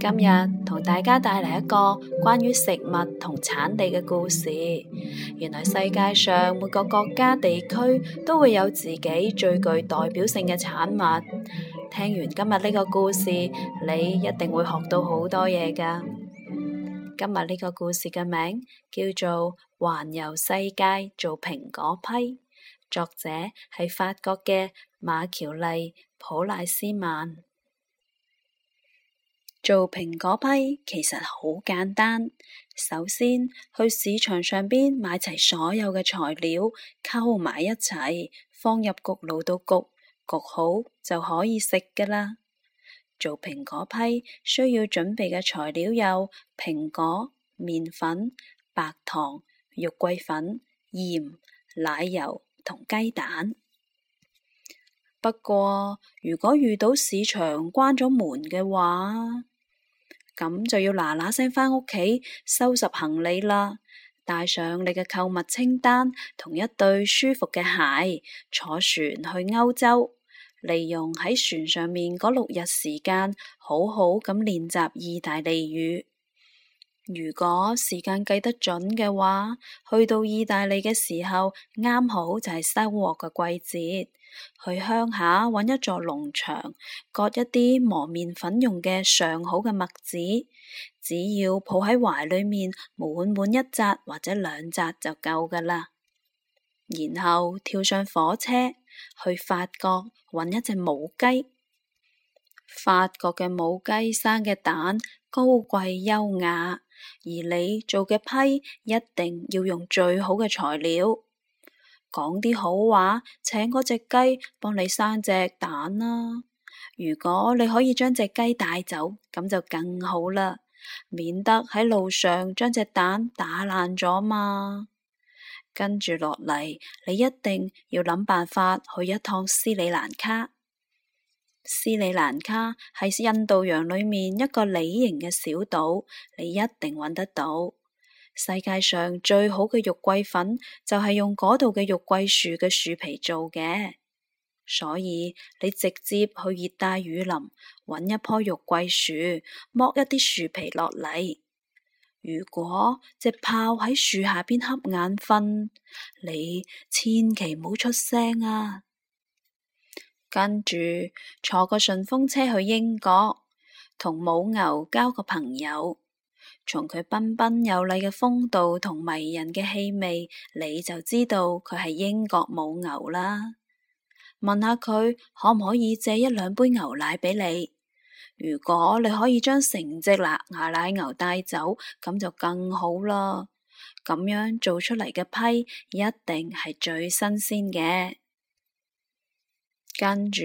今日同大家帶嚟一個關於食物同產地嘅故事。原來世界上每個國家地區都會有自己最具代表性嘅產物。聽完今日呢個故事，你一定會學到好多嘢㗎。今日呢個故事嘅名叫做《環遊世界做蘋果批》，作者係法國嘅馬喬麗普萊斯曼。做蘋果批其實好簡單，首先去市場上邊買齊所有嘅材料，溝埋一齊放入焗爐度焗，焗好就可以食㗎喇。做蘋果批需要準備嘅材料有蘋果、麵粉、白糖、肉桂粉、鹽、奶油同雞蛋。不過如果遇到市場關咗門嘅話，咁就要嗱嗱聲返屋企收拾行李啦，帶上你嘅購物清單同一對舒服嘅鞋，坐船去歐洲，利用喺船上面嗰六日時間，好好咁練習意大利語。如果時間計得準嘅話，去到意大利嘅時候，啱好就係收穫嘅季節，去鄉下揾一座農場，割一啲磨麵粉用嘅上好嘅麥子，只要抱喺懷裏面滿滿一紮或者兩紮就夠㗎喇。然後跳上火車去法國揾一隻母雞，法國嘅母雞生嘅蛋高貴優雅。而你做嘅批一定要用最好嘅材料，講啲好話，請嗰隻雞幫你生隻蛋啦啊。如果你可以將隻雞帶走，咁就更好啦，免得喺路上將隻蛋打爛咗嘛。跟住落嚟，你一定要諗辦法去一趟斯里蘭卡。斯里蘭卡係印度洋裏面一個梨形嘅小島，你一定揾得到。世界上最好嘅玉桂粉就係用嗰度嘅玉桂樹嘅樹皮做嘅，所以你直接去熱帶雨林揾一棵玉桂樹，剝一啲樹皮落嚟。如果隻豹喺樹下邊瞌眼瞓，你千祈唔好出聲啊！跟住坐個順風車去英國，同母牛交個朋友。從佢彬彬有禮嘅風度同迷人嘅氣味，你就知道佢係英國母牛啦。問下佢可唔可以借一兩杯牛奶俾你。如果你可以將成隻辣牙奶牛帶走，咁就更好啦。咁樣做出嚟嘅批一定係最新鮮嘅。跟住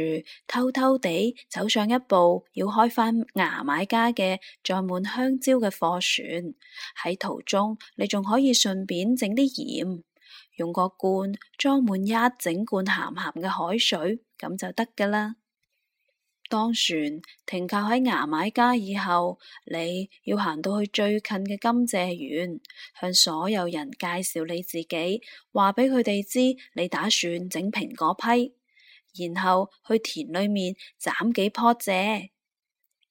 偷偷地走上一步，要開翻牙買加嘅載滿香蕉嘅貨船。喺途中，你仲可以順便整啲鹽，用個罐裝滿一整罐咸咸嘅海水，咁就得噶啦。當船停靠喺牙買加以後，你要行到去最近嘅甘蔗園，向所有人介紹你自己，話俾佢哋知你打算整蘋果批。然後去田裏面斬幾棵蔗，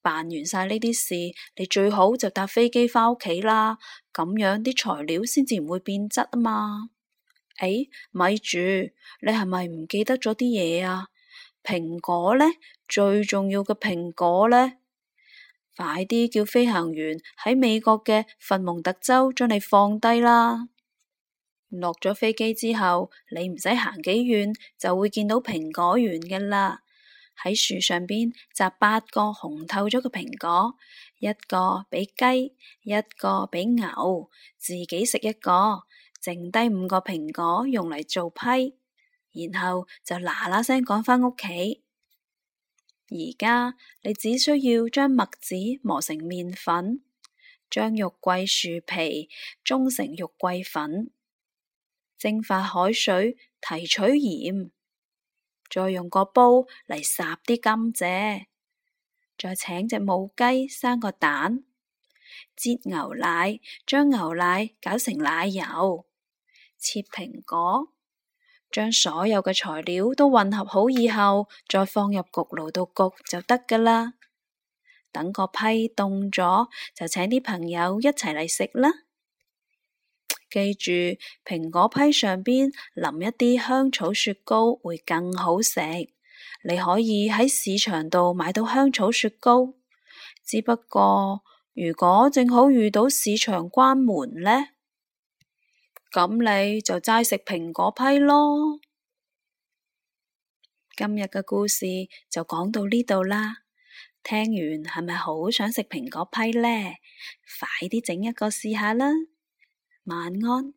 辦完晒呢啲事，你最好就搭飛機返屋企啦。咁樣啲材料先至唔會變質啊嘛。哎，咪住，你係咪唔記得咗啲嘢啊？蘋果呢？最重要嘅蘋果呢？快啲叫飛行員喺美國嘅佛蒙特州將你放低啦。落咗飛機之後，你唔使行幾遠就會見到蘋果園嘅啦。喺樹上邊摘八個紅透咗嘅蘋果，一個俾雞，一個俾牛，自己食一個，剩低五個蘋果用嚟做批，然後就嗱嗱聲趕返屋企。而家你只需要將麥子磨成麵粉，將玉桂樹皮舂成玉桂粉。蒸發海水提取鹽，再用個煲嚟煮啲甘蔗，再請隻母雞生個蛋，擠牛奶，將牛奶攪成奶油，切蘋果，將所有嘅材料都混合好以後，再放入焗爐度焗就得㗎喇。等個批凍咗，就請啲朋友一齊嚟食啦。記住，蘋果批上邊淋一啲香草雪糕會更好食。你可以喺市場度買到香草雪糕，只不過如果正好遇到市場關門呢，咁你就齋食蘋果批咯。今日嘅故事就講到呢度啦。聽完係咪好想食蘋果批呢？快啲整一個試下啦！晚安。